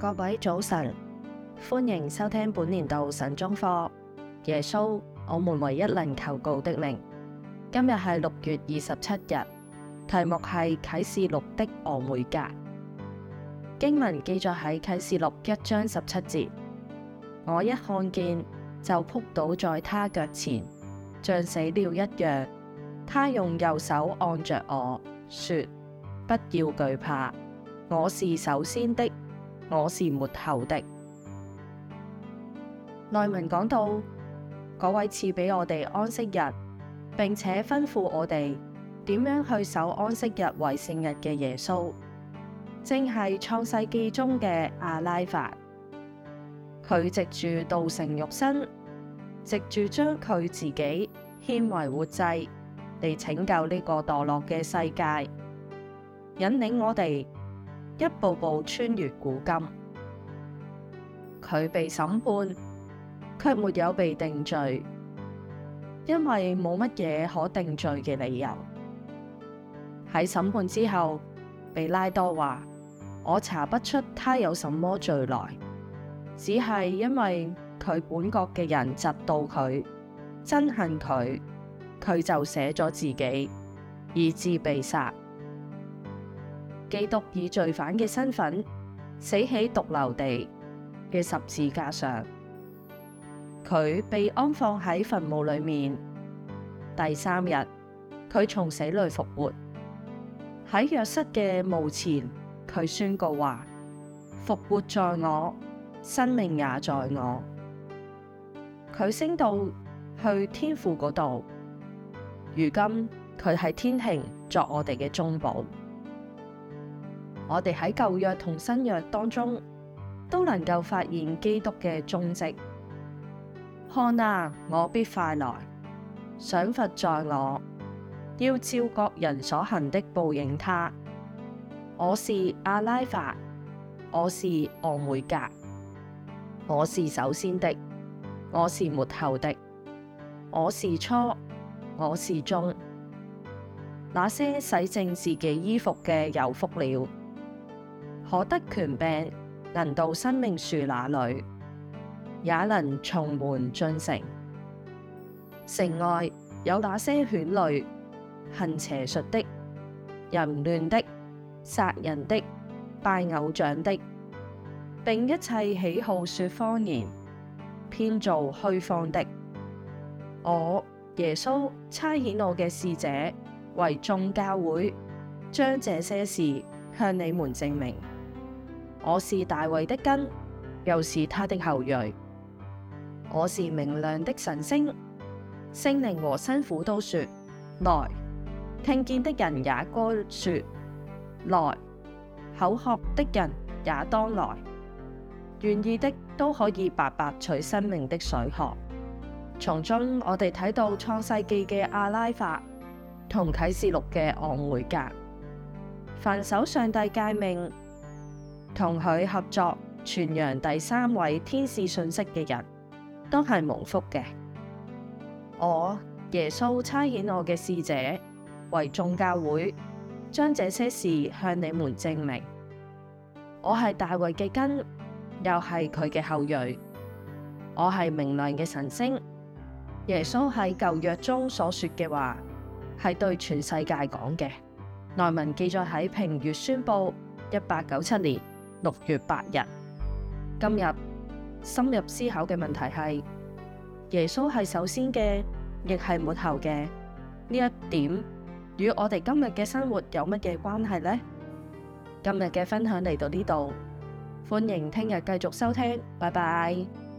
各位早晨，歡迎收聽本年度晨鐘課。耶穌，我們唯一能求告的名。今日係六月二十七日，題目係啟示錄的俄梅戛。經文記載喺啟示錄一章十七節。我一看見就撲倒在他腳前，像死了一樣。他用右手按着我說：不要懼怕，我是首先的。我是末後的。內文講到，嗰位賜俾我哋安息日，並且吩咐我哋點樣去守安息日為聖日嘅耶穌，正係創世記中嘅阿拉法。佢藉住道成肉身，藉住將佢自己牽為活祭，嚟拯救呢個墮落嘅世界，引領我哋。一步步穿越古今，佢被審判，卻沒有被定罪，因為冇乜嘢可定罪嘅理由。喺審判之後，比拉多話：我查不出他有什麼罪來，只係因為佢本國嘅人嫉妒佢，憎恨佢，佢就捨咗自己，以致被殺。基督以罪犯嘅身份死喺髑髏地嘅十字架上，佢被安放喺墳墓裏面。第三日，佢從死裏復活。喺約瑟嘅墓前，佢宣告話：復活在我，生命也在我。佢升到去天父嗰度，如今佢喺天庭作我哋嘅中保。我哋喺舊約同新約當中都能夠發現基督嘅蹤跡。看啊，我必快來，賞罰在我，要照各人所行的報應他。我是阿拉法，我是俄梅戛，我是首先的，我是末後的，我是初，我是終。那些洗淨自己衣服嘅有福了。可得權柄，能到生命樹那裏，也能從門進城。城外有那些犬類、行邪術的、淫亂的、殺人的、拜偶像的，並一切喜好説謊言、編造虛謊的。我耶穌差遣我嘅使者為眾教會，將這些事向你們證明。我是大衛的根，又是他的後裔。我是明亮的晨星，聖靈和新婦都說來，聽見的人也該說來，口渴的人也當來，願意的都可以白白取生命的水喝。從中我哋睇到創世記嘅阿拉法同啟示錄嘅俄梅戛，凡守上帝誡命。同佢合作傳揚第三位天使信息嘅人都係蒙福嘅。我耶穌差遣我嘅使者為眾教會將這些事向你們證明。我係大衛嘅根，又係佢嘅後裔。我係明亮嘅晨星。耶穌喺舊約中所說嘅話係對全世界講嘅。內文記載喺平月宣布，一八九七年。六月八日，今日深入思考嘅問題係：耶穌係首先嘅，亦係末後嘅。呢一點與我哋今日嘅生活有乜嘢關係呢？今日嘅分享嚟到呢度，歡迎聽日繼續收聽，拜拜。